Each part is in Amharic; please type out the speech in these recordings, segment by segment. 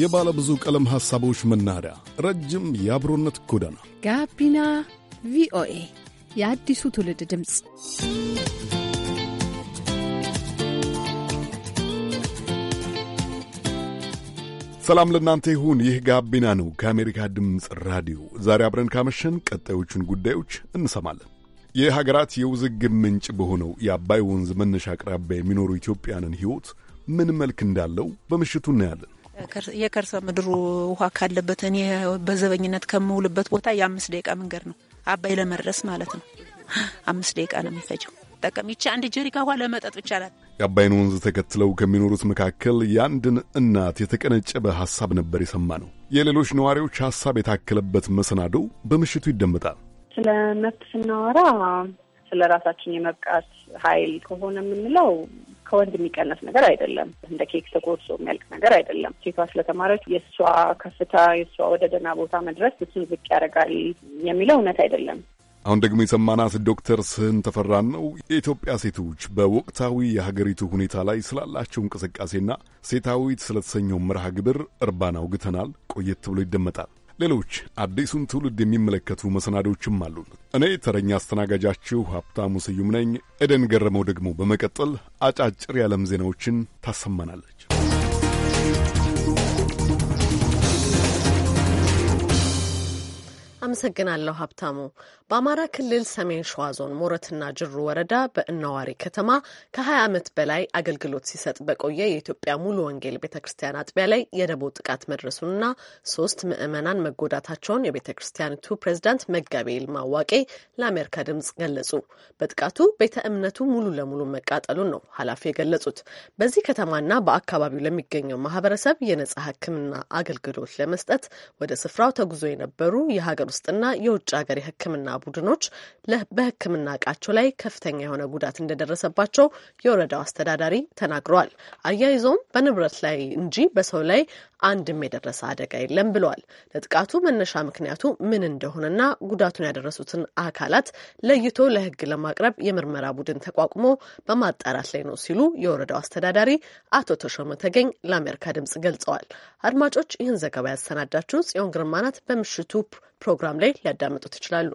የባለ ብዙ ቀለም ሐሳቦች መናኸሪያ፣ ረጅም የአብሮነት ጎዳና፣ ጋቢና ቪኦኤ የአዲሱ ትውልድ ድምፅ። ሰላም ለእናንተ ይሁን። ይህ ጋቢና ነው ከአሜሪካ ድምፅ ራዲዮ። ዛሬ አብረን ካመሸን ቀጣዮቹን ጉዳዮች እንሰማለን። የሀገራት የውዝግብ ምንጭ በሆነው የአባይ ወንዝ መነሻ አቅራቢያ የሚኖሩ ኢትዮጵያንን ሕይወት ምን መልክ እንዳለው በምሽቱ እናያለን። የከርሰ ምድሩ ውሃ ካለበት እኔ በዘበኝነት ከምውልበት ቦታ የአምስት ደቂቃ መንገድ ነው። አባይ ለመድረስ ማለት ነው። አምስት ደቂቃ ነው የሚፈጀው። ጠቀም ይቺ አንድ ጀሪካ ውሃ ለመጠጥ ይቻላል። የአባይን ወንዝ ተከትለው ከሚኖሩት መካከል የአንድን እናት የተቀነጨበ ሐሳብ ነበር የሰማ ነው። የሌሎች ነዋሪዎች ሐሳብ የታከለበት መሰናዶ በምሽቱ ይደመጣል። ስለ መብት ስናወራ ስለ ራሳችን የመብቃት ኃይል ከሆነ የምንለው ከወንድ የሚቀነስ ነገር አይደለም። እንደ ኬክ ተቆርሶ የሚያልቅ ነገር አይደለም። ሴቷ ስለተማረች የእሷ ከፍታ የእሷ ወደ ደህና ቦታ መድረስ እሱን ዝቅ ያደርጋል የሚለው እውነት አይደለም። አሁን ደግሞ የሰማናት ዶክተር ስህን ተፈራን ነው። የኢትዮጵያ ሴቶች በወቅታዊ የሀገሪቱ ሁኔታ ላይ ስላላቸው እንቅስቃሴና ሴታዊት ስለተሰኘው መርሃ ግብር እርባና አውግተናል። ቆየት ብሎ ይደመጣል። ሌሎች አዲሱን ትውልድ የሚመለከቱ መሰናዶችም አሉን። እኔ ተረኛ አስተናጋጃችሁ ሀብታሙ ስዩም ነኝ። ኤደን ገረመው ደግሞ በመቀጠል አጫጭር የዓለም ዜናዎችን ታሰማናለች። አመሰግናለሁ ሀብታሙ። በአማራ ክልል ሰሜን ሸዋ ዞን ሞረትና ጅሩ ወረዳ በእናዋሪ ከተማ ከ20 ዓመት በላይ አገልግሎት ሲሰጥ በቆየ የኢትዮጵያ ሙሉ ወንጌል ቤተ ክርስቲያን አጥቢያ ላይ የደቦ ጥቃት መድረሱንና ሶስት ምዕመናን መጎዳታቸውን የቤተ ክርስቲያኒቱ ፕሬዚዳንት መጋቤ ይልማ ዋቄ ለአሜሪካ ድምጽ ገለጹ። በጥቃቱ ቤተ እምነቱ ሙሉ ለሙሉ መቃጠሉን ነው ኃላፊ የገለጹት። በዚህ ከተማና በአካባቢው ለሚገኘው ማህበረሰብ የነጻ ሕክምና አገልግሎት ለመስጠት ወደ ስፍራው ተጉዞ የነበሩ የሀገር ውስጥ ውስጥና የውጭ ሀገር የሕክምና ቡድኖች በሕክምና እቃቸው ላይ ከፍተኛ የሆነ ጉዳት እንደደረሰባቸው የወረዳው አስተዳዳሪ ተናግረዋል። አያይዞም በንብረት ላይ እንጂ በሰው ላይ አንድም የደረሰ አደጋ የለም ብለዋል። ለጥቃቱ መነሻ ምክንያቱ ምን እንደሆነና ጉዳቱን ያደረሱትን አካላት ለይቶ ለሕግ ለማቅረብ የምርመራ ቡድን ተቋቁሞ በማጣራት ላይ ነው ሲሉ የወረዳው አስተዳዳሪ አቶ ተሾመ ተገኝ ለአሜሪካ ድምጽ ገልጸዋል። አድማጮች፣ ይህን ዘገባ ያሰናዳችሁ ጽዮን ግርማ ናት። በምሽቱ ፕሮግራም ላይ ሊያዳምጡ ትችላሉ።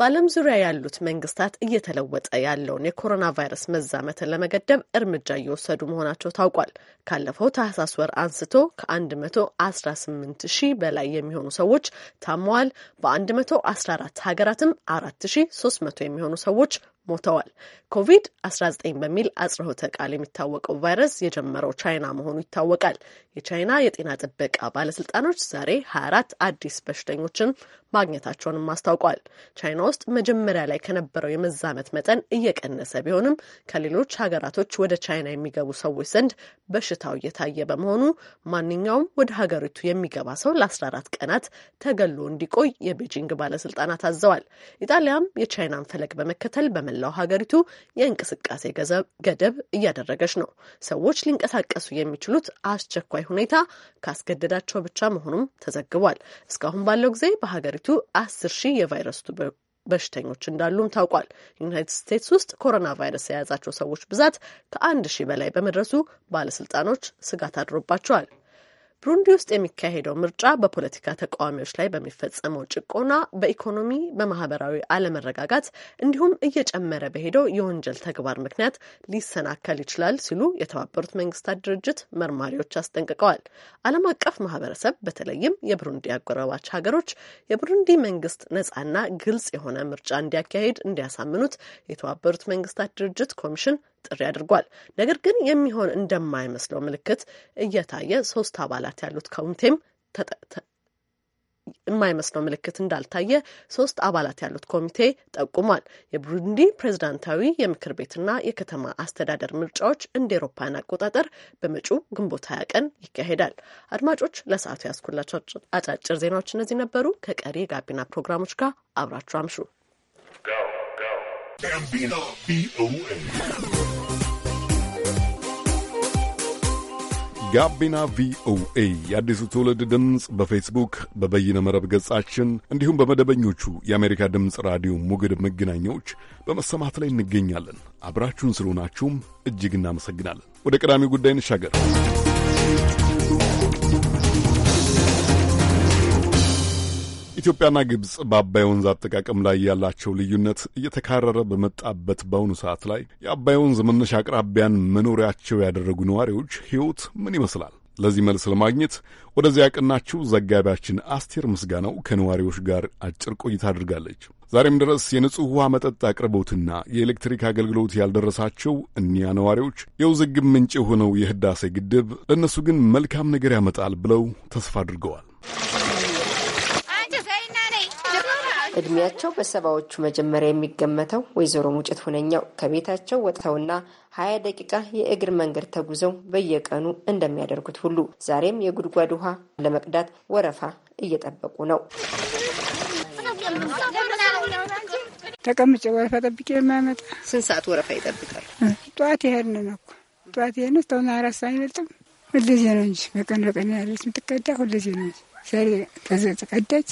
በዓለም ዙሪያ ያሉት መንግስታት እየተለወጠ ያለውን የኮሮና ቫይረስ መዛመትን ለመገደብ እርምጃ እየወሰዱ መሆናቸው ታውቋል። ካለፈው ታህሳስ ወር አንስቶ ከ118 ሺህ በላይ የሚሆኑ ሰዎች ታመዋል። በ114 ሀገራትም 4300 የሚሆኑ ሰዎች ሞተዋል። ኮቪድ-19 በሚል አጽሮተ ቃል የሚታወቀው ቫይረስ የጀመረው ቻይና መሆኑ ይታወቃል። የቻይና የጤና ጥበቃ ባለስልጣኖች ዛሬ 24 አዲስ በሽተኞችን ማግኘታቸውንም አስታውቋል። ቻይና ውስጥ መጀመሪያ ላይ ከነበረው የመዛመት መጠን እየቀነሰ ቢሆንም ከሌሎች ሀገራቶች ወደ ቻይና የሚገቡ ሰዎች ዘንድ በሽታው እየታየ በመሆኑ ማንኛውም ወደ ሀገሪቱ የሚገባ ሰው ለ14 ቀናት ተገሎ እንዲቆይ የቤጂንግ ባለስልጣናት አዘዋል። ኢጣሊያም የቻይናን ፈለግ በመከተል በመ በመላው ሀገሪቱ የእንቅስቃሴ ገደብ እያደረገች ነው። ሰዎች ሊንቀሳቀሱ የሚችሉት አስቸኳይ ሁኔታ ካስገደዳቸው ብቻ መሆኑም ተዘግቧል። እስካሁን ባለው ጊዜ በሀገሪቱ አስር ሺህ የቫይረሱ በሽተኞች እንዳሉም ታውቋል። ዩናይትድ ስቴትስ ውስጥ ኮሮና ቫይረስ የያዛቸው ሰዎች ብዛት ከአንድ ሺህ በላይ በመድረሱ ባለስልጣኖች ስጋት አድሮባቸዋል። ብሩንዲ ውስጥ የሚካሄደው ምርጫ በፖለቲካ ተቃዋሚዎች ላይ በሚፈጸመው ጭቆና፣ በኢኮኖሚ፣ በማህበራዊ አለመረጋጋት እንዲሁም እየጨመረ በሄደው የወንጀል ተግባር ምክንያት ሊሰናከል ይችላል ሲሉ የተባበሩት መንግስታት ድርጅት መርማሪዎች አስጠንቅቀዋል። ዓለም አቀፍ ማህበረሰብ በተለይም የብሩንዲ አጎራባች ሀገሮች የብሩንዲ መንግስት ነጻና ግልጽ የሆነ ምርጫ እንዲያካሄድ እንዲያሳምኑት የተባበሩት መንግስታት ድርጅት ኮሚሽን ጥሪ አድርጓል። ነገር ግን የሚሆን እንደማይመስለው ምልክት እየታየ ሶስት አባላት ያሉት ኮሚቴም የማይመስለው ምልክት እንዳልታየ ሶስት አባላት ያሉት ኮሚቴ ጠቁሟል። የቡሩንዲ ፕሬዝዳንታዊ የምክር ቤትና የከተማ አስተዳደር ምርጫዎች እንደ ኤሮፓን አቆጣጠር በመጪው ግንቦት ሀያ ቀን ይካሄዳል። አድማጮች ለሰዓቱ ያስኩላቸው አጫጭር ዜናዎች እነዚህ ነበሩ። ከቀሪ የጋቢና ፕሮግራሞች ጋር አብራችሁ አምሹ። ጋቢና ቪኦኤ ጋቢና ቪኦኤ የአዲሱ ትውልድ ድምፅ በፌስቡክ በበይነ መረብ ገጻችን እንዲሁም በመደበኞቹ የአሜሪካ ድምፅ ራዲዮ ሞገድ መገናኛዎች በመሰማት ላይ እንገኛለን። አብራችሁን ስለሆናችሁም እጅግ እናመሰግናለን። ወደ ቀዳሚው ጉዳይ እንሻገር። ኢትዮጵያና ግብጽ በአባይ ወንዝ አጠቃቀም ላይ ያላቸው ልዩነት እየተካረረ በመጣበት በአሁኑ ሰዓት ላይ የአባይ ወንዝ መነሻ አቅራቢያን መኖሪያቸው ያደረጉ ነዋሪዎች ሕይወት ምን ይመስላል? ለዚህ መልስ ለማግኘት ወደዚያ ያቀናችው ዘጋቢያችን አስቴር ምስጋናው ከነዋሪዎች ጋር አጭር ቆይታ አድርጋለች። ዛሬም ድረስ የንጹሕ ውሃ መጠጥ አቅርቦትና የኤሌክትሪክ አገልግሎት ያልደረሳቸው እኒያ ነዋሪዎች የውዝግብ ምንጭ የሆነው የህዳሴ ግድብ ለእነሱ ግን መልካም ነገር ያመጣል ብለው ተስፋ አድርገዋል። እድሜያቸው በሰባዎቹ መጀመሪያ የሚገመተው ወይዘሮ ሙጭት ሁነኛው ከቤታቸው ወጥተውና ሀያ ደቂቃ የእግር መንገድ ተጉዘው በየቀኑ እንደሚያደርጉት ሁሉ ዛሬም የጉድጓድ ውሃ ለመቅዳት ወረፋ እየጠበቁ ነው። ተቀምጬ ወረፋ ጠብቄ የማመጣ ስንት ሰዓት ወረፋ ይጠብቃል? ጠዋት ይሄድ ነው ጠዋት ይሄድ ነው እስካሁን አራት ሰዓት አይበልጥም። ሁልጊዜ ነው እንጂ በቀን በቀን ያለች የምትቀዳ ሁልጊዜ ነው እንጂ ዛሬ ተዘቀዳች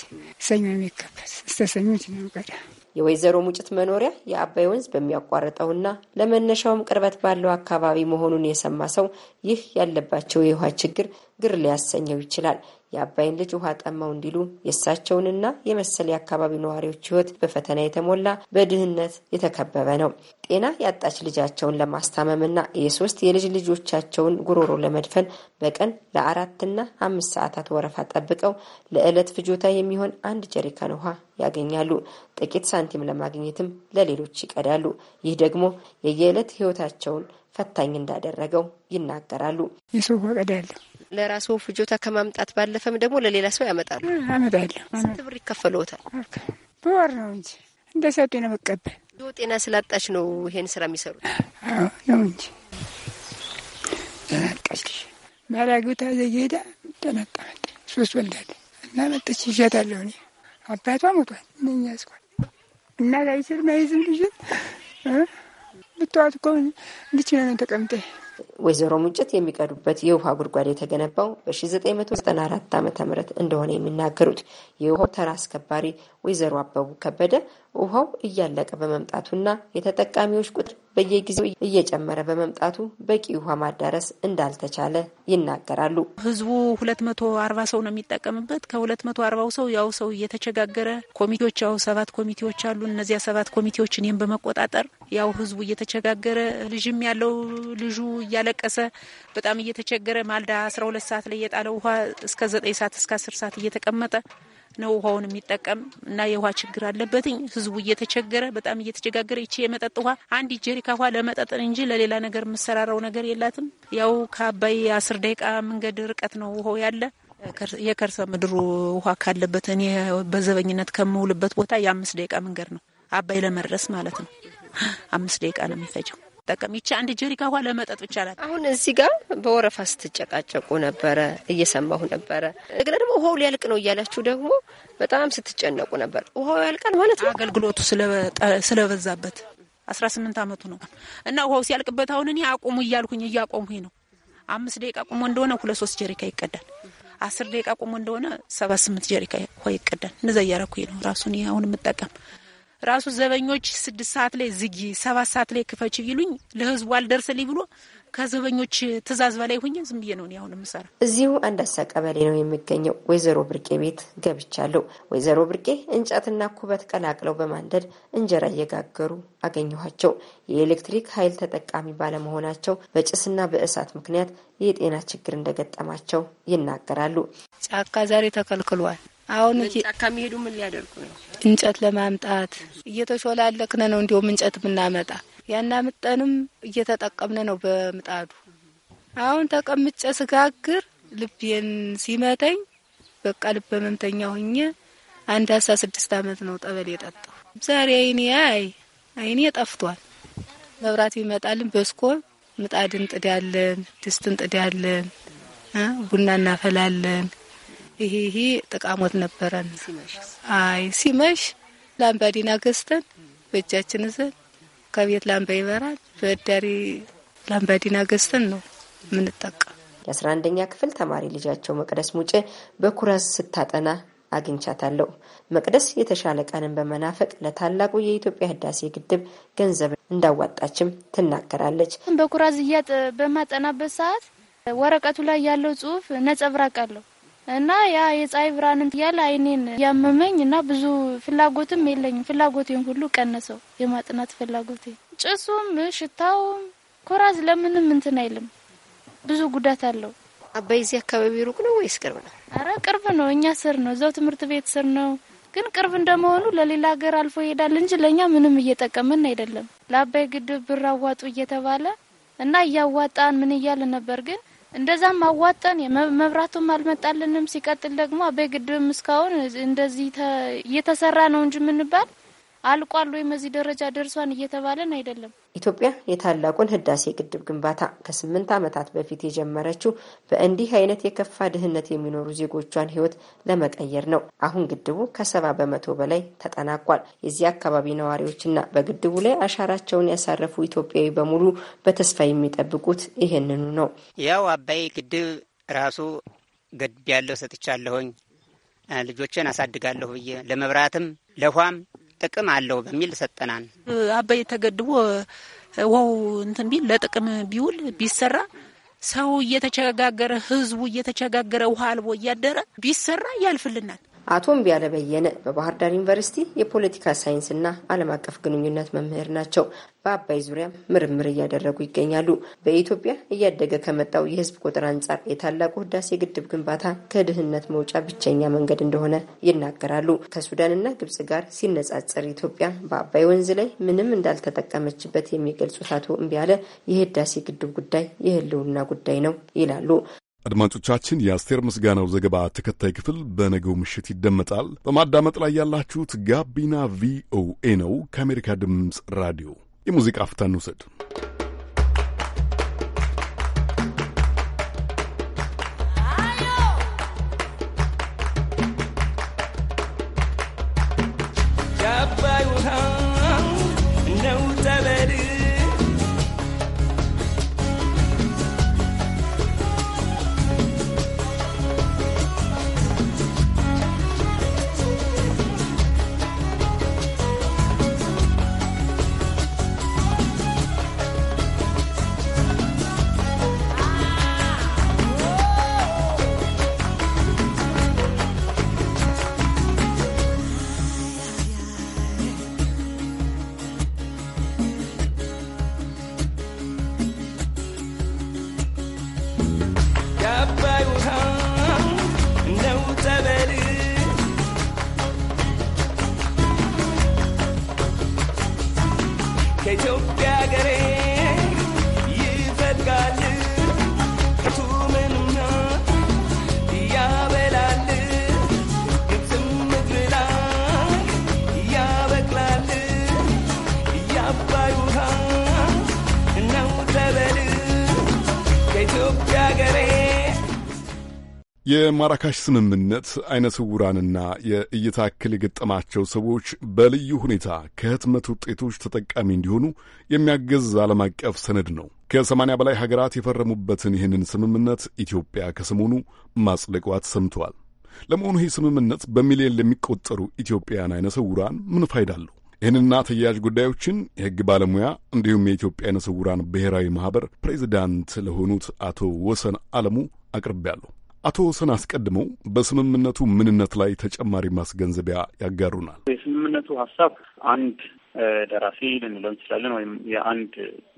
ሰኞ የሚከፈት እስተ ነው ቀዳ የወይዘሮ ሙጭት መኖሪያ የአባይ ወንዝ በሚያቋርጠውና ለመነሻውም ቅርበት ባለው አካባቢ መሆኑን የሰማ ሰው ይህ ያለባቸው የውሃ ችግር ግር ሊያሰኘው ይችላል። የአባይን ልጅ ውሃ ጠማው እንዲሉ የእሳቸውንና የመሰል የአካባቢው ነዋሪዎች ህይወት በፈተና የተሞላ በድህነት የተከበበ ነው። ጤና ያጣች ልጃቸውን ለማስታመምና የሶስት የልጅ ልጆቻቸውን ጉሮሮ ለመድፈን በቀን ለአራትና አምስት ሰዓታት ወረፋ ጠብቀው ለዕለት ፍጆታ የሚሆን አንድ ጀሪካን ውሃ ያገኛሉ። ጥቂት ሳንቲም ለማግኘትም ለሌሎች ይቀዳሉ። ይህ ደግሞ የየዕለት ህይወታቸውን ፈታኝ እንዳደረገው ይናገራሉ። ይሱፍ ቀዳለሁ ለራስዎ ፍጆታ ከማምጣት ባለፈም ደግሞ ለሌላ ሰው ያመጣሉ? አመጣለሁ። ስንት ብር ይከፈለዎታል? በወር ነው እንጂ እንደ ሰጡ ነው መቀበል። ጤና ስላጣች ነው ይሄን ስራ የሚሰሩት? ነው እንጂ ተናቃች ማላጊታ ዘጌዳ ተናቃች። ሶስት ወልዳለ እና መጠች ይሸታለሁ። እኔ አባቷ ሞቷል። እነኛ ስኳል እና ላይ ስር መይዝም ልጅት ብትዋት እኮ እንድችለ ነው ተቀምጠ ወይዘሮ ሙጭት የሚቀዱበት የውሃ ጉድጓድ የተገነባው በ1994 ዓ ም እንደሆነ የሚናገሩት የውሃው ተራ አስከባሪ ወይዘሮ አበቡ ከበደ ውሃው እያለቀ በመምጣቱና የተጠቃሚዎች ቁጥር በየጊዜው እየጨመረ በመምጣቱ በቂ ውሃ ማዳረስ እንዳልተቻለ ይናገራሉ። ህዝቡ ሁለት መቶ አርባ ሰው ነው የሚጠቀምበት። ከሁለት መቶ አርባው ሰው ያው ሰው እየተቸጋገረ ኮሚቴዎች ያው ሰባት ኮሚቴዎች አሉ። እነዚያ ሰባት ኮሚቴዎች እኔም በመቆጣጠር ያው ህዝቡ እየተቸጋገረ ልጅም ያለው ልጁ እያለቀሰ በጣም እየተቸገረ ማልዳ አስራ ሁለት ሰዓት ላይ የጣለ ውሃ እስከ ዘጠኝ ሰዓት እስከ አስር ሰዓት እየተቀመጠ ነው ውሃውን የሚጠቀም እና የውሃ ችግር አለበትኝ። ህዝቡ እየተቸገረ በጣም እየተቸጋገረ ይቺ የመጠጥ ውሃ አንድ ጀሪካ ውሃ ለመጠጥ እንጂ ለሌላ ነገር የምሰራራው ነገር የላትም። ያው ከአባይ አስር ደቂቃ መንገድ ርቀት ነው ውሃው ያለ የከርሰ ምድሩ ውሃ ካለበት እኔ በዘበኝነት ከምውልበት ቦታ የአምስት ደቂቃ መንገድ ነው አባይ ለመድረስ ማለት ነው። አምስት ደቂቃ ነው የሚፈጀው። አትጠቀም። ይቻ አንድ ጀሪካ ውሃ ለመጠጥ ብቻ ናት። አሁን እዚህ ጋር በወረፋ ስትጨቃጨቁ ነበረ እየሰማሁ ነበረ። እንደገና ደግሞ ውሃው ሊያልቅ ነው እያላችሁ ደግሞ በጣም ስትጨነቁ ነበር። ውሃው ያልቃል ማለት ነው አገልግሎቱ ስለበዛበት አስራ ስምንት አመቱ ነው እና ውሃው ሲያልቅበት አሁን እኔ አቁሙ እያልኩኝ እያቆምኩኝ ነው። አምስት ደቂቃ ቁሞ እንደሆነ ሁለት ሶስት ጀሪካ ይቀዳል። አስር ደቂቃ ቁሞ እንደሆነ ሰባት ስምንት ጀሪካ ይቀዳል። እንደዛ እያረኩኝ ነው ራሱን አሁን የምጠቀም ራሱ ዘበኞች ስድስት ሰዓት ላይ ዝጊ፣ ሰባት ሰዓት ላይ ክፈች ይሉኝ ለህዝቡ አልደርስልኝ ብሎ ከዘበኞች ትእዛዝ በላይ ሆኜ ዝም ብዬ ነው አሁን የምሰራ። እዚሁ አንዳሳ ቀበሌ ነው የሚገኘው ወይዘሮ ብርቄ ቤት ገብቻለሁ። ወይዘሮ ብርቄ እንጨትና ኩበት ቀላቅለው በማንደድ እንጀራ እየጋገሩ አገኘኋቸው። የኤሌክትሪክ ኃይል ተጠቃሚ ባለመሆናቸው በጭስና በእሳት ምክንያት የጤና ችግር እንደገጠማቸው ይናገራሉ። ጫካ ዛሬ ተከልክሏል። አሁን ጫካ የሚሄዱ ምን ሊያደርጉ ነው? እንጨት ለማምጣት እየተሾላለክነ ነው። እንዲሁም እንጨት የምናመጣ ያናምጠንም እየተጠቀምነ ነው በምጣዱ። አሁን ተቀምጨ ስጋግር ልቤን ሲመተኝ በቃ ልበ ህመምተኛ ሆኜ አንድ አስራ ስድስት አመት ነው ጠበል የጠጣሁ። ዛሬ አይኔ አይ አይኔ ጠፍቷል። መብራት ይመጣልን በስኮ ምጣድ እንጥዳለን፣ ድስት እንጥዳለን፣ ቡና እናፈላለን። ይሄ ይሄ ጥቃሞት ነበረን። አይ ሲመሽ ላምባዲና ገዝተን በእጃችን ዘን። ከቤት ላምባ ይበራል። በዳሪ ላምባዲና ገዝተን ነው የምንጠቀም። የአስራ አንደኛ ክፍል ተማሪ ልጃቸው መቅደስ ሙጬ በኩራዝ ስታጠና አግኝቻታለሁ። መቅደስ የተሻለ ቀንን በመናፈቅ ለታላቁ የኢትዮጵያ ህዳሴ ግድብ ገንዘብ እንዳዋጣችም ትናገራለች። በኩራዝ እያጥ በማጠናበት ሰዓት ወረቀቱ ላይ ያለው ጽሁፍ ነጸብራቅ አለው እና ያ የፀሐይ ብርሃን እያለ አይኔን ያመመኝ እና ብዙ ፍላጎትም የለኝም። ፍላጎቴን ሁሉ ቀነሰው፣ የማጥናት ፍላጎቴ። ጭሱም ሽታውም ኮራዝ ለምንም እንትን አይልም፣ ብዙ ጉዳት አለው። አባይ እዚህ አካባቢ ሩቅ ነው ወይስ ቅርብ ነው? አረ ቅርብ ነው፣ እኛ ስር ነው፣ እዛው ትምህርት ቤት ስር ነው። ግን ቅርብ እንደመሆኑ ለሌላ ሀገር አልፎ ይሄዳል እንጂ ለእኛ ምንም እየጠቀመን አይደለም። ለአባይ ግድብ ብር አዋጡ እየተባለ እና እያዋጣን ምን እያል ነበር ግን እንደዛም አዋጠን መብራቱም አልመጣልንም። ሲቀጥል ደግሞ አባይ ግድብም እስካሁን እንደዚህ እየተሰራ ነው እንጂ የምንባል አልቋል ወይም እዚህ ደረጃ ደርሷን እየተባለን አይደለም። ኢትዮጵያ የታላቁን ህዳሴ ግድብ ግንባታ ከስምንት ዓመታት በፊት የጀመረችው በእንዲህ አይነት የከፋ ድህነት የሚኖሩ ዜጎቿን ህይወት ለመቀየር ነው። አሁን ግድቡ ከሰባ በመቶ በላይ ተጠናቋል። የዚህ አካባቢ ነዋሪዎችና በግድቡ ላይ አሻራቸውን ያሳረፉ ኢትዮጵያዊ በሙሉ በተስፋ የሚጠብቁት ይህንኑ ነው። ያው አባይ ግድብ ራሱ ገድብ ያለው ሰጥቻለሁኝ ልጆችን አሳድጋለሁ ብዬ ለመብራትም ለውሃም ጥቅም አለው በሚል ሰጠናል። አባይ ተገድቦ ውሃው እንትን ቢል ለጥቅም ቢውል ቢሰራ ሰው እየተቸጋገረ ህዝቡ እየተቸጋገረ ውሃ አልቦ እያደረ ቢሰራ ያልፍልናል። አቶ እምቢያለ በየነ በባህር ዳር ዩኒቨርሲቲ የፖለቲካ ሳይንስና ዓለም አቀፍ ግንኙነት መምህር ናቸው። በአባይ ዙሪያ ምርምር እያደረጉ ይገኛሉ። በኢትዮጵያ እያደገ ከመጣው የህዝብ ቁጥር አንጻር የታላቁ ህዳሴ ግድብ ግንባታ ከድህነት መውጫ ብቸኛ መንገድ እንደሆነ ይናገራሉ። ከሱዳንና ግብጽ ጋር ሲነጻጸር ኢትዮጵያ በአባይ ወንዝ ላይ ምንም እንዳልተጠቀመችበት የሚገልጹት አቶ እምቢያለ የህዳሴ ግድብ ጉዳይ የህልውና ጉዳይ ነው ይላሉ። አድማጮቻችን የአስቴር ምስጋናው ዘገባ ተከታይ ክፍል በነገው ምሽት ይደመጣል። በማዳመጥ ላይ ያላችሁት ጋቢና ቪኦኤ ነው። ከአሜሪካ ድምፅ ራዲዮ የሙዚቃ አፍታን ውሰድ። የማራካሽ ስምምነት አይነ ስውራንና የእይታ እክል የገጠማቸው ሰዎች በልዩ ሁኔታ ከህትመት ውጤቶች ተጠቃሚ እንዲሆኑ የሚያገዝ ዓለም አቀፍ ሰነድ ነው። ከሰማንያ በላይ ሀገራት የፈረሙበትን ይህንን ስምምነት ኢትዮጵያ ከሰሞኑ ማጽደቋ ተሰምተዋል። ለመሆኑ ይህ ስምምነት በሚሊዮን ለሚቆጠሩ ኢትዮጵያውያን አይነ ስውራን ምን ፋይዳ አለው? ይህንና ተያያዥ ጉዳዮችን የህግ ባለሙያ እንዲሁም የኢትዮጵያ አይነ ስውራን ብሔራዊ ማኅበር ፕሬዚዳንት ለሆኑት አቶ ወሰን አለሙ አቅርቤያለሁ። አቶ ወሰን አስቀድመው በስምምነቱ ምንነት ላይ ተጨማሪ ማስገንዘቢያ ያጋሩናል። የስምምነቱ ሀሳብ አንድ ደራሲ ልንለው እንችላለን ወይም የአንድ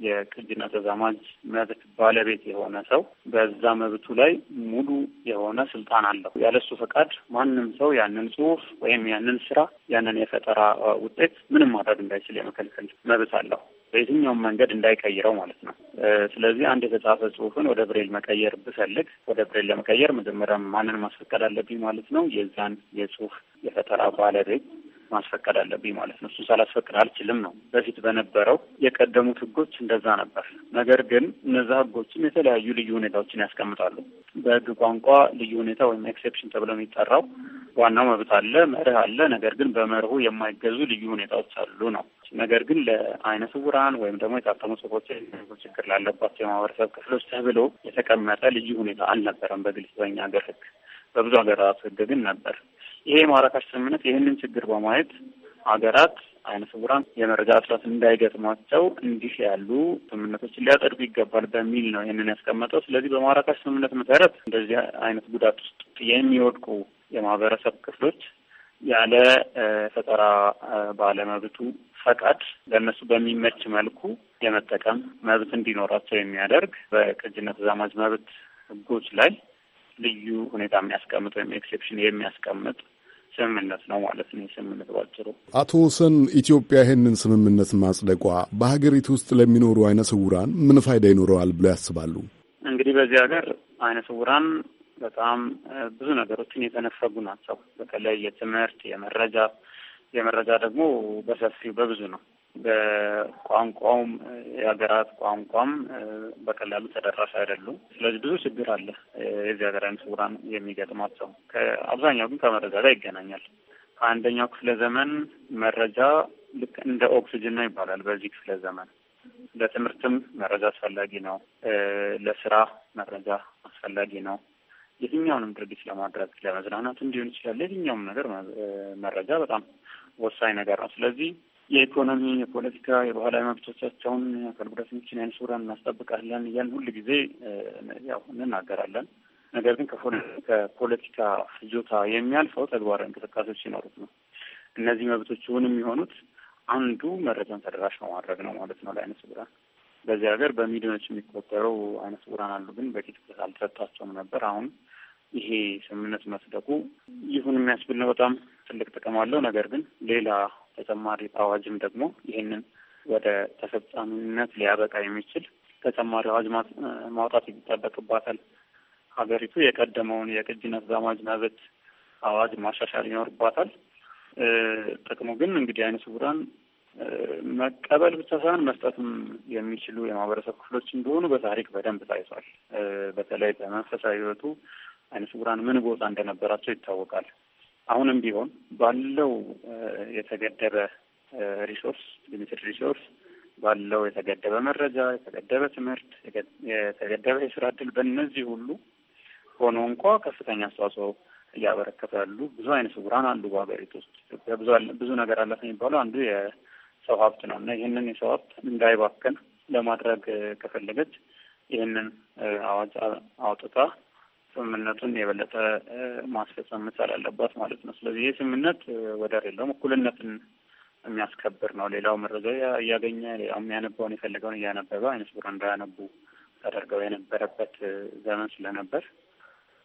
የቅጅና ተዛማጅ መብት ባለቤት የሆነ ሰው በዛ መብቱ ላይ ሙሉ የሆነ ስልጣን አለው። ያለሱ ፈቃድ ማንም ሰው ያንን ጽሁፍ ወይም ያንን ስራ ያንን የፈጠራ ውጤት ምንም ማድረግ እንዳይችል የመከልከል መብት አለው። በየትኛውም መንገድ እንዳይቀይረው ማለት ነው። ስለዚህ አንድ የተጻፈ ጽሁፍን ወደ ብሬል መቀየር ብፈልግ ወደ ብሬል ለመቀየር መጀመሪያ ማንን ማስፈቀድ አለብኝ ማለት ነው? የዛን የጽሁፍ የፈጠራ ባለቤት ማስፈቀድ አለብኝ ማለት ነው። እሱ ሳላስፈቅድ አልችልም ነው። በፊት በነበረው የቀደሙት ህጎች እንደዛ ነበር። ነገር ግን እነዛ ህጎችም የተለያዩ ልዩ ሁኔታዎችን ያስቀምጣሉ። በህግ ቋንቋ ልዩ ሁኔታ ወይም ኤክሴፕሽን ተብሎ የሚጠራው ዋናው መብት አለ፣ መርህ አለ። ነገር ግን በመርሁ የማይገዙ ልዩ ሁኔታዎች አሉ ነው ነገር ግን ለአይነ ስውራን ወይም ደግሞ የታተሙ ጽሁፎች ችግር ላለባቸው የማህበረሰብ ክፍሎች ተብሎ የተቀመጠ ልዩ ሁኔታ አልነበረም በግልጽ በኛ ሀገር ህግ። በብዙ ሀገራት ህግ ግን ነበር። ይሄ የማራካሽ ስምምነት ይህንን ችግር በማየት ሀገራት አይነ ስውራን የመረጃ እጥረት እንዳይገጥማቸው እንዲህ ያሉ ስምምነቶችን ሊያጸድቁ ይገባል በሚል ነው ይህንን ያስቀመጠው። ስለዚህ በማራካሽ ስምምነት መሰረት እንደዚህ አይነት ጉዳት ውስጥ የሚወድቁ የማህበረሰብ ክፍሎች ያለ ፈጠራ ባለመብቱ ፈቃድ ለእነሱ በሚመች መልኩ የመጠቀም መብት እንዲኖራቸው የሚያደርግ በቅጂና ተዛማጅ መብት ህጎች ላይ ልዩ ሁኔታ የሚያስቀምጥ ወይም ኤክሴፕሽን የሚያስቀምጥ ስምምነት ነው ማለት ነው። ስምምነት ባጭሩ። አቶ ወሰን፣ ኢትዮጵያ ይህንን ስምምነት ማጽደቋ በሀገሪቱ ውስጥ ለሚኖሩ አይነ ስውራን ምን ፋይዳ ይኖረዋል ብለው ያስባሉ? እንግዲህ በዚህ ሀገር አይነ ስውራን በጣም ብዙ ነገሮችን የተነፈጉ ናቸው። በተለይ የትምህርት፣ የመረጃ የመረጃ ደግሞ በሰፊው በብዙ ነው። በቋንቋውም የሀገራት ቋንቋም በቀላሉ ተደራሽ አይደሉም። ስለዚህ ብዙ ችግር አለ የዚህ ሀገር ዓይነ ስውራን የሚገጥማቸው። አብዛኛው ግን ከመረጃ ጋር ይገናኛል። ከአንደኛው ክፍለ ዘመን መረጃ ልክ እንደ ኦክሲጅን ነው ይባላል። በዚህ ክፍለ ዘመን ለትምህርትም መረጃ አስፈላጊ ነው፣ ለስራ መረጃ አስፈላጊ ነው። የትኛውንም ድርጊት ለማድረግ ለመዝናናትም ሊሆን ይችላል። የትኛውም ነገር መረጃ በጣም ወሳኝ ነገር ነው። ስለዚህ የኢኮኖሚ፣ የፖለቲካ፣ የባህላዊ መብቶቻቸውን የአካል ጉዳተኞችን አይነ ስውራን እናስጠብቃለን እያልን ሁል ጊዜ ያው እንናገራለን። ነገር ግን ከፖለቲካ ፍጆታ የሚያልፈው ተግባራዊ እንቅስቃሴዎች ሲኖሩት ነው። እነዚህ መብቶች እውን የሚሆኑት አንዱ መረጃን ተደራሽ በማድረግ ነው ማለት ነው ለአይነ ስውራን። በዚህ ሀገር በሚሊዮኖች የሚቆጠረው አይነ ስውራን አሉ፣ ግን በቂ ትኩረት አልተሰጣቸውም ነበር። አሁን ይሄ ስምምነት መጽደቁ ይሁን የሚያስብል ነው። በጣም ትልቅ ጥቅም አለው። ነገር ግን ሌላ ተጨማሪ አዋጅም ደግሞ ይህንን ወደ ተፈጻሚነት ሊያበቃ የሚችል ተጨማሪ አዋጅ ማውጣት ይጠበቅባታል። ሀገሪቱ የቀደመውን የቅጂነት ዛማጅ መብት አዋጅ ማሻሻል ይኖርባታል። ጥቅሙ ግን እንግዲህ ዓይነ ስውራን መቀበል ብቻ ሳይሆን መስጠትም የሚችሉ የማህበረሰብ ክፍሎች እንደሆኑ በታሪክ በደንብ ታይቷል። በተለይ በመንፈሳዊ ህይወቱ አይነ ስውራን ምን ቦታ እንደነበራቸው ይታወቃል። አሁንም ቢሆን ባለው የተገደበ ሪሶርስ ሊሚትድ ሪሶርስ ባለው የተገደበ መረጃ፣ የተገደበ ትምህርት፣ የተገደበ የስራ እድል በእነዚህ ሁሉ ሆኖ እንኳ ከፍተኛ አስተዋጽኦ እያበረከቱ ያሉ ብዙ አይነ ስውራን አሉ በሀገሪቱ ውስጥ። ኢትዮጵያ ብዙ ብዙ ነገር አላት የሚባለው አንዱ የሰው ሀብት ነው እና ይህንን የሰው ሀብት እንዳይባከን ለማድረግ ከፈለገች ይህንን አዋጅ አውጥታ ስምምነቱን የበለጠ ማስፈጸም መቻል አለባት ማለት ነው። ስለዚህ ይህ ስምምነት ወደር የለውም፣ እኩልነትን የሚያስከብር ነው። ሌላው መረጃ እያገኘ የሚያነባውን የፈለገውን እያነበበ አይነት ስውራን እንዳያነቡ ተደርገው የነበረበት ዘመን ስለነበር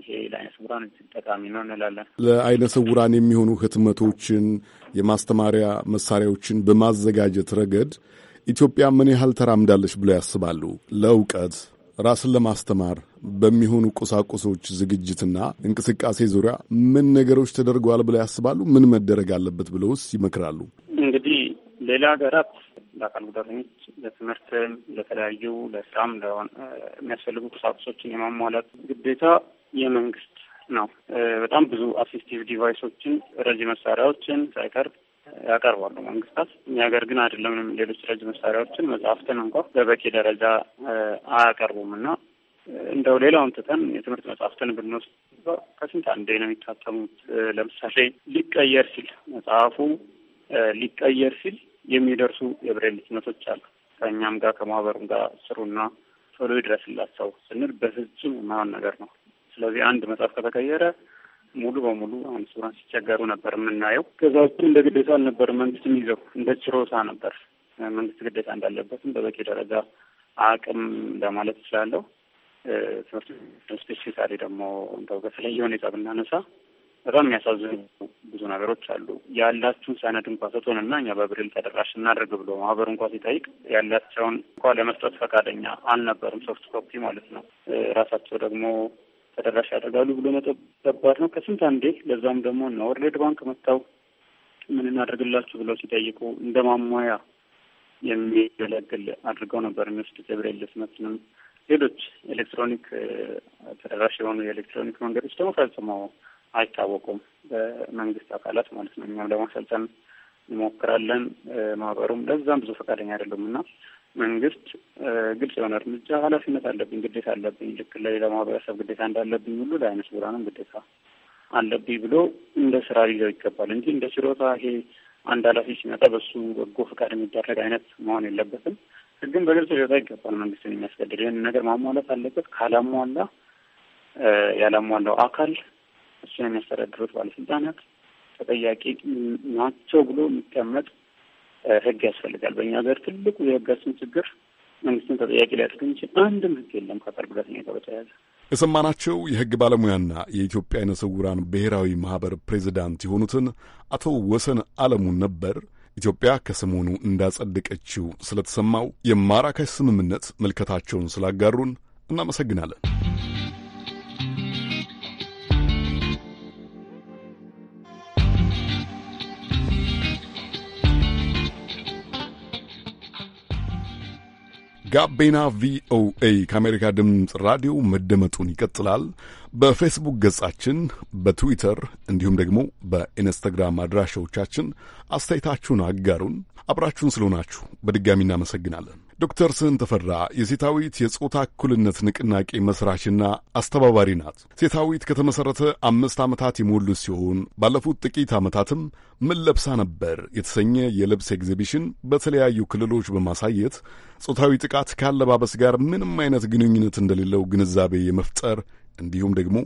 ይሄ ለአይነ ስውራን እጅግ ጠቃሚ ነው እንላለን። ለአይነ ስውራን የሚሆኑ ህትመቶችን፣ የማስተማሪያ መሳሪያዎችን በማዘጋጀት ረገድ ኢትዮጵያ ምን ያህል ተራምዳለች ብለው ያስባሉ? ለእውቀት ራስን ለማስተማር በሚሆኑ ቁሳቁሶች ዝግጅትና እንቅስቃሴ ዙሪያ ምን ነገሮች ተደርገዋል ብለው ያስባሉ? ምን መደረግ አለበት ብለውስ ይመክራሉ? እንግዲህ ሌላ ሀገራት ለአካል ጉዳተኞች ለትምህርትም፣ ለተለያዩ ለስራም የሚያስፈልጉ ቁሳቁሶችን የማሟላት ግዴታ የመንግስት ነው። በጣም ብዙ አሲስቲቭ ዲቫይሶችን፣ ረጂ መሳሪያዎችን ሳይቀር ያቀርባሉ መንግስታት። እኛ ሀገር ግን አይደለም ሌሎች ረጅ መሳሪያዎችን መጽሐፍትን እንኳ በበቂ ደረጃ አያቀርቡም እና እንደው ሌላውን ትተን የትምህርት መጽሐፍትን ብንወስድ ከስንት አንዴ ነው የሚታተሙት። ለምሳሌ ሊቀየር ሲል መጽሐፉ ሊቀየር ሲል የሚደርሱ የብሬል ህትመቶች አሉ። ከእኛም ጋር ከማህበሩም ጋር ስሩና ቶሎ ይድረስላቸው ስንል በፍጹም የማይሆን ነገር ነው። ስለዚህ አንድ መጽሐፍ ከተቀየረ ሙሉ በሙሉ አንሱራን ሲቸገሩ ነበር የምናየው። ከዛ ውስጥ እንደ ግዴታ አልነበር መንግስት የሚይዘው እንደ ችሮታ ነበር። መንግስት ግዴታ እንዳለበትም በበቂ ደረጃ አቅም ለማለት እችላለሁ። ትምህርት ስፔሲፊካሊ ደግሞ እንደው በተለየ ሁኔታ ብናነሳ በጣም የሚያሳዝኑ ብዙ ነገሮች አሉ። ያላችሁን ሰነድ እንኳ ሰጡንና እኛ በብሬል ተደራሽ እናደርግ ብሎ ማህበሩ እንኳ ሲጠይቅ ያላቸውን እንኳ ለመስጠት ፈቃደኛ አልነበርም። ሶፍት ኮፒ ማለት ነው። ራሳቸው ደግሞ ተደራሽ ያደርጋሉ ብሎ መጠባት ነው ከስንት አንዴ። ለዛም ደግሞ እና ወርልድ ባንክ መጥተው ምን እናደርግላችሁ ብለው ሲጠይቁ እንደ ማሟያ የሚገለግል አድርገው ነበር የሚወስዱት። ገብርኤል ስመትንም ሌሎች ኤሌክትሮኒክ ተደራሽ የሆኑ የኤሌክትሮኒክ መንገዶች ደግሞ ፈጽሞ አይታወቁም በመንግስት አካላት ማለት ነው። እኛም ለማሰልጠን እንሞክራለን። ማህበሩም ለዛም ብዙ ፈቃደኛ አይደሉም እና መንግስት ግልጽ የሆነ እርምጃ ኃላፊነት አለብኝ ግዴታ አለብኝ ልክ ለሌላ ማህበረሰብ ግዴታ እንዳለብኝ ሁሉ ለአይነ ስውራንም ግዴታ አለብኝ ብሎ እንደ ስራ ሊይዘው ይገባል እንጂ እንደ ችሎታ ይሄ አንድ ኃላፊ ሲመጣ በሱ በጎ ፈቃድ የሚደረግ አይነት መሆን የለበትም። ህግም በግልጽ ሊወጣ ይገባል። መንግስትን የሚያስገድድ ይህን ነገር ማሟላት አለበት። ካላሟላ ያላሟላው አካል እሱን የሚያስተዳድሩት ባለስልጣናት ተጠያቂ ናቸው ብሎ የሚቀመጥ ህግ ያስፈልጋል። በእኛ ሀገር ትልቁ የህጋችን ችግር መንግስትን ተጠያቂ ሊያደርግ የሚችል አንድም ህግ የለም ከአካል ጉዳተኛ ጋር በተያያዘ። የሰማናቸው የህግ ባለሙያና የኢትዮጵያ አይነ ስውራን ብሔራዊ ማህበር ፕሬዚዳንት የሆኑትን አቶ ወሰን አለሙን ነበር። ኢትዮጵያ ከሰሞኑ እንዳጸደቀችው ስለተሰማው የማራካሽ ስምምነት መልከታቸውን ስላጋሩን እናመሰግናለን። ጋቤና ቪኦኤ ከአሜሪካ ድምፅ ራዲዮ መደመጡን ይቀጥላል። በፌስቡክ ገጻችን፣ በትዊተር እንዲሁም ደግሞ በኢንስተግራም አድራሻዎቻችን አስተያየታችሁን አጋሩን። አብራችሁን ስለሆናችሁ በድጋሚ እናመሰግናለን። ዶክተር ስህን ተፈራ የሴታዊት የጾታ እኩልነት ንቅናቄ መስራችና አስተባባሪ ናት። ሴታዊት ከተመሠረተ አምስት ዓመታት የሞሉት ሲሆን ባለፉት ጥቂት ዓመታትም ምን ለብሳ ነበር የተሰኘ የልብስ ኤግዚቢሽን በተለያዩ ክልሎች በማሳየት ጾታዊ ጥቃት ካለባበስ ጋር ምንም አይነት ግንኙነት እንደሌለው ግንዛቤ የመፍጠር እንዲሁም ደግሞ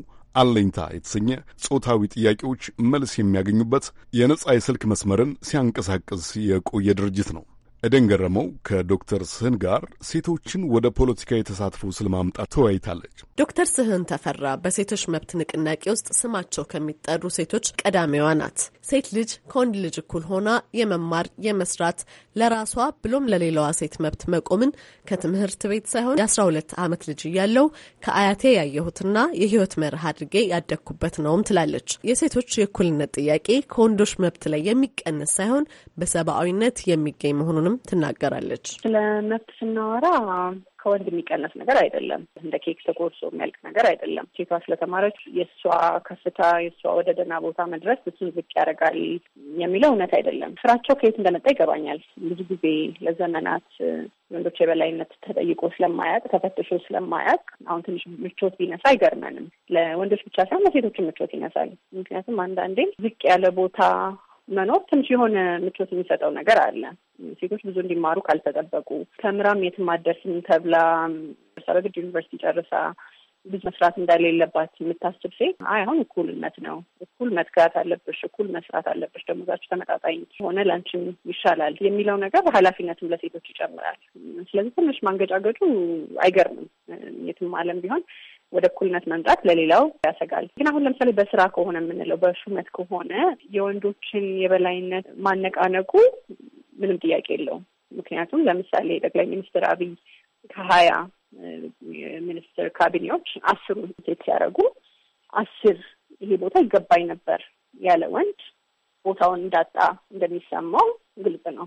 አለኝታ የተሰኘ ጾታዊ ጥያቄዎች መልስ የሚያገኙበት የነጻ የስልክ መስመርን ሲያንቀሳቅስ የቆየ ድርጅት ነው። ኤደን ገረመው ከዶክተር ስህን ጋር ሴቶችን ወደ ፖለቲካዊ ተሳትፎ ስለማምጣት ተወያይታለች። ዶክተር ስህን ተፈራ በሴቶች መብት ንቅናቄ ውስጥ ስማቸው ከሚጠሩ ሴቶች ቀዳሚዋ ናት። ሴት ልጅ ከወንድ ልጅ እኩል ሆና የመማር የመስራት፣ ለራሷ ብሎም ለሌላዋ ሴት መብት መቆምን ከትምህርት ቤት ሳይሆን የ12 ዓመት ልጅ እያለው ከአያቴ ያየሁትና የህይወት መርህ አድርጌ ያደግኩበት ነውም ትላለች። የሴቶች የእኩልነት ጥያቄ ከወንዶች መብት ላይ የሚቀንስ ሳይሆን በሰብአዊነት የሚገኝ መሆኑንም ትናገራለች። ስለ መብት ስናወራ ከወንድ የሚቀነስ ነገር አይደለም። እንደ ኬክ ተጎርሶ የሚያልቅ ነገር አይደለም። ሴቷ ስለተማረች የእሷ ከፍታ የእሷ ወደ ደህና ቦታ መድረስ እሱን ዝቅ ያደርጋል የሚለው እውነት አይደለም። ስራቸው ከየት እንደመጣ ይገባኛል። ብዙ ጊዜ ለዘመናት ወንዶች የበላይነት ተጠይቆ ስለማያውቅ ተፈትሾ ስለማያውቅ አሁን ትንሽ ምቾት ቢነሳ አይገርመንም። ለወንዶች ብቻ ሳይሆን ለሴቶችን ምቾት ይነሳል። ምክንያቱም አንዳንዴ ዝቅ ያለ ቦታ መኖር ትንሽ የሆነ ምቾት የሚሰጠው ነገር አለ። ሴቶች ብዙ እንዲማሩ ካልተጠበቁ ተምራም የትም አትደርስም ተብላ ሰረግድ ዩኒቨርሲቲ ጨርሳ ብዙ መስራት እንደሌለባት የምታስብ ሴት አይ አሁን እኩልነት ነው፣ እኩል መትጋት አለብሽ፣ እኩል መስራት አለብሽ፣ ደሞዛችሁ ተመጣጣኝ ሆነ ለአንቺም ይሻላል የሚለው ነገር ኃላፊነትም ለሴቶች ይጨምራል። ስለዚህ ትንሽ ማንገጫገጩ አይገርምም። የትም ዓለም ቢሆን ወደ እኩልነት መምጣት ለሌላው ያሰጋል። ግን አሁን ለምሳሌ በስራ ከሆነ የምንለው በሹመት ከሆነ የወንዶችን የበላይነት ማነቃነቁ ምንም ጥያቄ የለውም። ምክንያቱም ለምሳሌ ጠቅላይ ሚኒስትር አብይ ከሀያ ሚኒስትር ካቢኔዎች አስሩ ሴት ሲያደርጉ አስር ይሄ ቦታ ይገባኝ ነበር ያለ ወንድ ቦታውን እንዳጣ እንደሚሰማው ግልጽ ነው።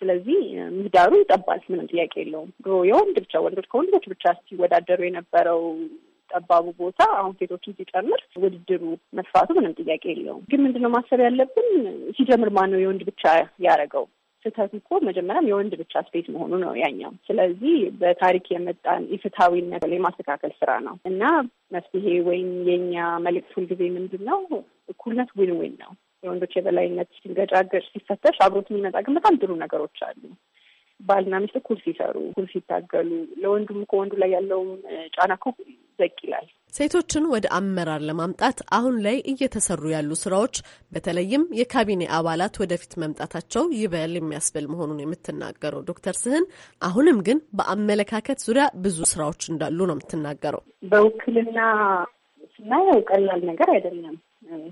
ስለዚህ ምህዳሩ ይጠባል፣ ምንም ጥያቄ የለውም። ድሮ የወንድ ብቻ ወንዶች ከወንዶች ብቻ ሲወዳደሩ የነበረው ጠባቡ ቦታ አሁን ሴቶችን ሲጨምር ውድድሩ መስፋቱ ምንም ጥያቄ የለውም። ግን ምንድነው ማሰብ ያለብን ሲጀምር ነው የወንድ ብቻ ያደረገው? ስህተቱ እኮ መጀመሪያም የወንድ ብቻ ስፔስ መሆኑ ነው ያኛው። ስለዚህ በታሪክ የመጣን የፍትሐዊነት የማስተካከል ስራ ነው እና መፍትሄ ወይም የኛ መልዕክት ሁልጊዜ ምንድን ነው እኩልነት ዊን ዊን ነው። የወንዶች የበላይነት ሲንገጫገጭ ሲፈተሽ አብሮት የሚመጣ ግን በጣም ጥሩ ነገሮች አሉ። ባልና ሚስት እኩል ሲሰሩ፣ እኩል ሲታገሉ ለወንዱም ከወንዱ ላይ ያለውም ጫና እኮ ዘቅ ይላል። ሴቶችን ወደ አመራር ለማምጣት አሁን ላይ እየተሰሩ ያሉ ስራዎች በተለይም የካቢኔ አባላት ወደፊት መምጣታቸው ይበል የሚያስብል መሆኑን የምትናገረው ዶክተር ስህን አሁንም ግን በአመለካከት ዙሪያ ብዙ ስራዎች እንዳሉ ነው የምትናገረው። በውክልና ስናየው ቀላል ነገር አይደለም።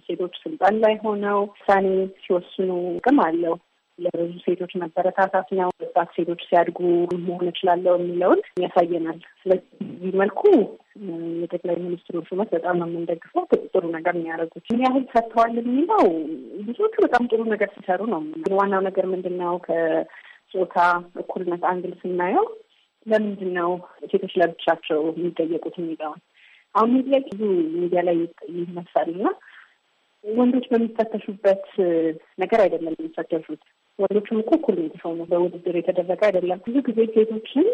ሴቶች ስልጣን ላይ ሆነው ውሳኔ ሲወስኑ ቅም አለው። ለብዙ ሴቶች መበረታታት ነው። ወጣት ሴቶች ሲያድጉ መሆን እችላለሁ የሚለውን ያሳየናል። ስለዚህ መልኩ የጠቅላይ ሚኒስትሩ ሹመት በጣም ነው የምንደግፈው። ጥሩ ነገር የሚያደርጉት ምን ያህል ሰጥተዋል የሚለው ብዙዎቹ በጣም ጥሩ ነገር ሲሰሩ ነው። ዋናው ነገር ምንድን ነው? ከጾታ እኩልነት አንግል ስናየው ለምንድን ነው ሴቶች ለብቻቸው የሚጠየቁት የሚለውን አሁን ሚዲያ ብዙ ሚዲያ ላይ ይመስላል እና ወንዶች በሚፈተሹበት ነገር አይደለም የሚፈተሹት። ወንዶችም እኮ እኩል ሰው ነው፣ በውድድር የተደረገ አይደለም። ብዙ ጊዜ ሴቶችን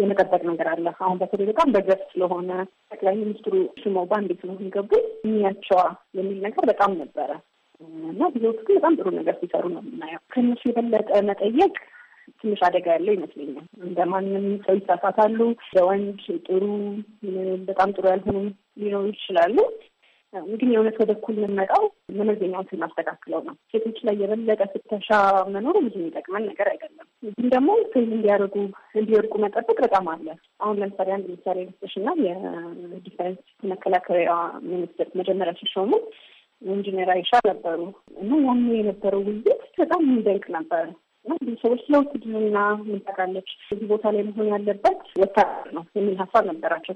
የመጠበቅ ነገር አለ። አሁን በተለይ በጣም በገፍ ስለሆነ ጠቅላይ ሚኒስትሩ ሽመው በአንዴ ነው ገቡ እሚያቸዋ የሚል ነገር በጣም ነበረ እና ብዙዎቹ ግን በጣም ጥሩ ነገር ሲሰሩ ነው የምናየው። ከነሱ የበለጠ መጠየቅ ትንሽ አደጋ ያለው ይመስለኛል። እንደ ማንም ሰው ይሳሳታሉ። ለወንድ ጥሩ፣ በጣም ጥሩ ያልሆኑ ሊኖሩ ይችላሉ። እንግዲህ የእውነት ወደ እኩል የምንመጣው መመዘኛውን ስናስተካክለው ነው። ሴቶች ላይ የበለጠ ፍተሻ መኖሩ ብዙ የሚጠቅመን ነገር አይደለም። ግን ደግሞ ፌዝ እንዲያደርጉ እንዲወድቁ መጠበቅ በጣም አለ። አሁን ለምሳሌ አንድ ምሳሌ ልስጥሽና የዲፌንስ መከላከያ ሚኒስትር መጀመሪያ ሲሾሙ ኢንጂነር አይሻ ነበሩ እና ያኔ የነበረው ውይይት በጣም የሚደንቅ ነበር። ብዙ ሰዎች ለውት ድና ምን ታውቃለች እዚህ ቦታ ላይ መሆን ያለበት ወታደር ነው የሚል ሀሳብ ነበራቸው።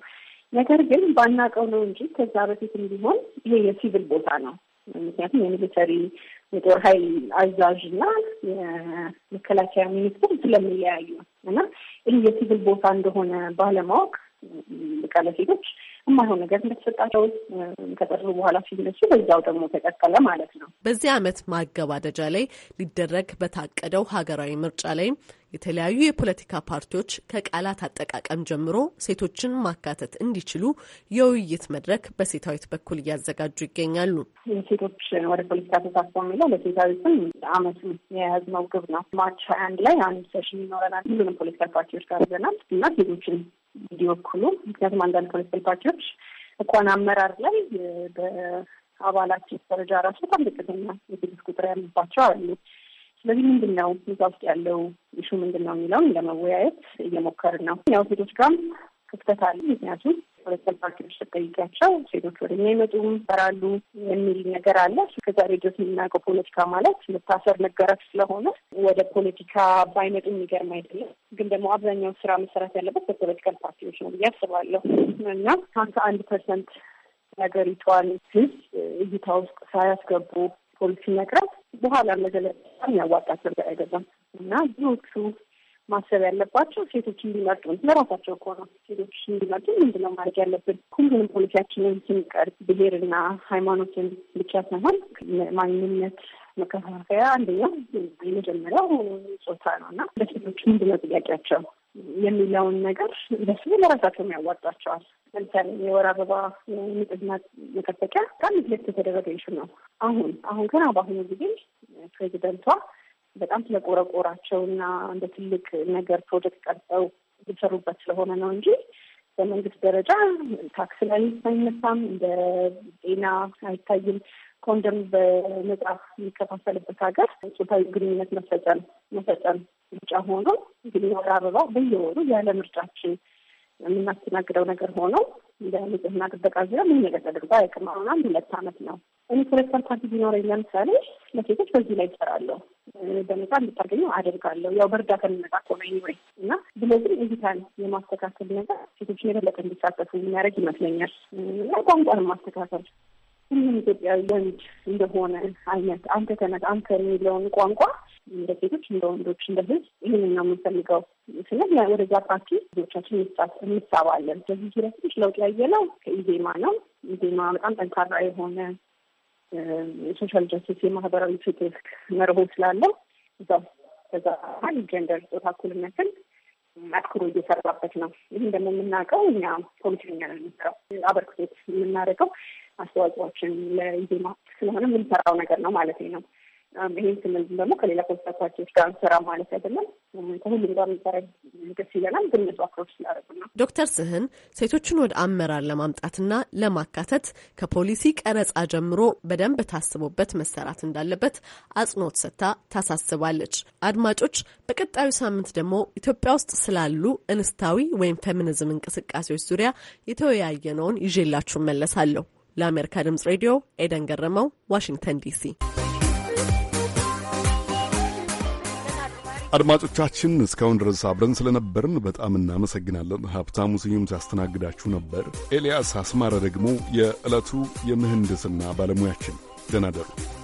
ነገር ግን ባናቀው ነው እንጂ ከዛ በፊትም ቢሆን ይሄ የሲቪል ቦታ ነው። ምክንያቱም የሚሊተሪ የጦር ኃይል አዛዥ እና የመከላከያ ሚኒስትር ስለሚለያዩ እና ይህ የሲቪል ቦታ እንደሆነ ባለማወቅ ቃለሴቶች የማይሆን ነገር እንደተሰጣቸው ከጠሩ በኋላ ሲነሱ በዛው ደግሞ ተቀጠለ ማለት ነው። በዚህ አመት ማገባደጃ ላይ ሊደረግ በታቀደው ሀገራዊ ምርጫ ላይ የተለያዩ የፖለቲካ ፓርቲዎች ከቃላት አጠቃቀም ጀምሮ ሴቶችን ማካተት እንዲችሉ የውይይት መድረክ በሴታዊት በኩል እያዘጋጁ ይገኛሉ። ሴቶች ወደ ፖለቲካ ተሳትፎ የሚለው ለሴታዊትም አመቱ የያዝነው ግብ ነው። ማርች ሀያ አንድ ላይ አንድ ሴሽን ይኖረናል። ሁሉንም ፖለቲካ ፓርቲዎች ጋር ይዘናል እና ሴቶችን እንዲወክሉ። ምክንያቱም አንዳንድ ፖለቲካል ፓርቲዎች እንኳን አመራር ላይ በአባላችን ደረጃ ራሱ በጣም ዝቅተኛ የሴቶች ቁጥር ያሉባቸው አሉ። ስለዚህ ምንድን ነው እዛ ውስጥ ያለው እሹ ምንድን ነው የሚለውን ለመወያየት እየሞከርን ነው። ያው ሴቶች ጋርም ክፍተት አለ ምክንያቱም ፖለቲካል ፓርቲዎች ስጠይቂያቸው ሴቶች ወደ እኛ ይመጡም ይሰራሉ የሚል ነገር አለ። ከዛ ድረስ የምናውቀው ፖለቲካ ማለት መታሰር፣ መገረፍ ስለሆነ ወደ ፖለቲካ ባይመጡ የሚገርም አይደለም። ግን ደግሞ አብዛኛው ስራ መሰራት ያለበት በፖለቲካል ፓርቲዎች ነው ብዬ አስባለሁ እና ሀምሳ አንድ ፐርሰንት ሀገሪቷን ህዝብ እይታ ውስጥ ሳያስገቡ ፖሊሲ መቅረብ በኋላ መገለጫ የሚያዋጣቸው አይደለም እና ብዙዎቹ ማሰብ ያለባቸው ሴቶች እንዲመርጡ ለራሳቸው ከሆነ ሴቶች እንዲመርጡ ምንድነው ማድረግ ያለብን? ሁሉንም ፖሊሲያችንን ስንቀርጽ ብሄርና ሃይማኖትን ብቻ ሳይሆን ማንነት መከፋፈያ አንደኛው የመጀመሪያው ጾታ ነው እና ለሴቶች ምንድነው ጥያቄያቸው የሚለውን ነገር ለስ ለራሳቸው ያዋጣቸዋል። ለምሳሌ የወር አበባ ንጽህና መጠበቂያ በጣም ግልጽ የተደረገ ይሹ ነው። አሁን አሁን ግን በአሁኑ ጊዜ ፕሬዚደንቷ በጣም ስለቆረቆራቸው እና እንደ ትልቅ ነገር ፕሮጀክት ቀርጸው እየሰሩበት ስለሆነ ነው እንጂ በመንግስት ደረጃ ታክስ ላይ አይነሳም፣ እንደ ጤና አይታይም። ኮንደም በመጽሐፍ የሚከፋፈልበት ሀገር ጾታዊ ግንኙነት መፈጸም መፈጸም ምርጫ ሆኖ ግን ወር አበባ በየወሩ ያለ ምርጫችን የምናስተናግደው ነገር ሆኖ እንደ ንጽህና ጥበቃ ዙሪያ ምን ነገር ተደርጎ አያውቅም። አሁን ሁለት አመት ነው። እኔ ፖለቲካል ፓርቲ ቢኖረኝ ለምሳሌ ለሴቶች በዚህ ላይ ይሰራለሁ። በነጻ እንድታገኘው አደርጋለሁ። ያው በእርዳታ የሚመጣ ከሆነ ወይ እና ብሎ ግን የማስተካከል ነገር ሴቶችን የበለጠ እንዲሳተፉ የሚያደርግ ይመስለኛል። ቋንቋን ማስተካከል ሁሉም ኢትዮጵያዊ ወንድ እንደሆነ አይነት አንተ ተነት አንተ የሚለውን ቋንቋ እንደ ሴቶች እንደ ወንዶች እንደ ህዝብ ይህንን ነው የምንፈልገው ስንል ወደዛ ፓርቲ ልጆቻችን እንሳባለን። በዚህ ዙሪያ ትንሽ ለውጥ ነው ከኢዜማ ነው። ኢዜማ በጣም ጠንካራ የሆነ የሶሻል ጀስቲስ የማህበራዊ ፍትህ መርሆ ስላለው እዛው በዛ ጀንደር ጾታ እኩልነትን አትኩሮ እየሰራበት ነው። ይህም ደግሞ የምናውቀው እኛ ፖለቲከኛ ነው የምንሰራው አበርክቶት የምናደርገው አስተዋጽኦችን ለኢዜማ ስለሆነ የምንሰራው ነገር ነው ማለት ነው። ይህን ስምል ደግሞ ከሌላ ኮንሰርታቸዎች ጋር እንሰራ ማለት አይደለም። ከሁሉም ጋር ሚሰራ ደስ ይለናል። ግን ነሱ አፕሮች ስላደረጉ ነው። ዶክተር ስህን ሴቶችን ወደ አመራር ለማምጣትና ለማካተት ከፖሊሲ ቀረጻ ጀምሮ በደንብ ታስቦበት መሰራት እንዳለበት አጽንኦት ሰጥታ ታሳስባለች። አድማጮች፣ በቀጣዩ ሳምንት ደግሞ ኢትዮጵያ ውስጥ ስላሉ እንስታዊ ወይም ፌሚኒዝም እንቅስቃሴዎች ዙሪያ የተወያየነውን ይዤላችሁ መለሳለሁ። ለአሜሪካ ድምጽ ሬዲዮ ኤደን ገረመው፣ ዋሽንግተን ዲሲ አድማጮቻችን እስካሁን ድረስ አብረን ስለነበርን በጣም እናመሰግናለን። ሀብታሙ ስዩም ሲያስተናግዳችሁ ነበር። ኤልያስ አስማረ ደግሞ የዕለቱ የምህንድስና ባለሙያችን። ደናደሩ ደሩ።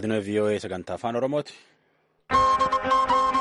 raadiyoon vii'oo sagantaa afaan oromooti.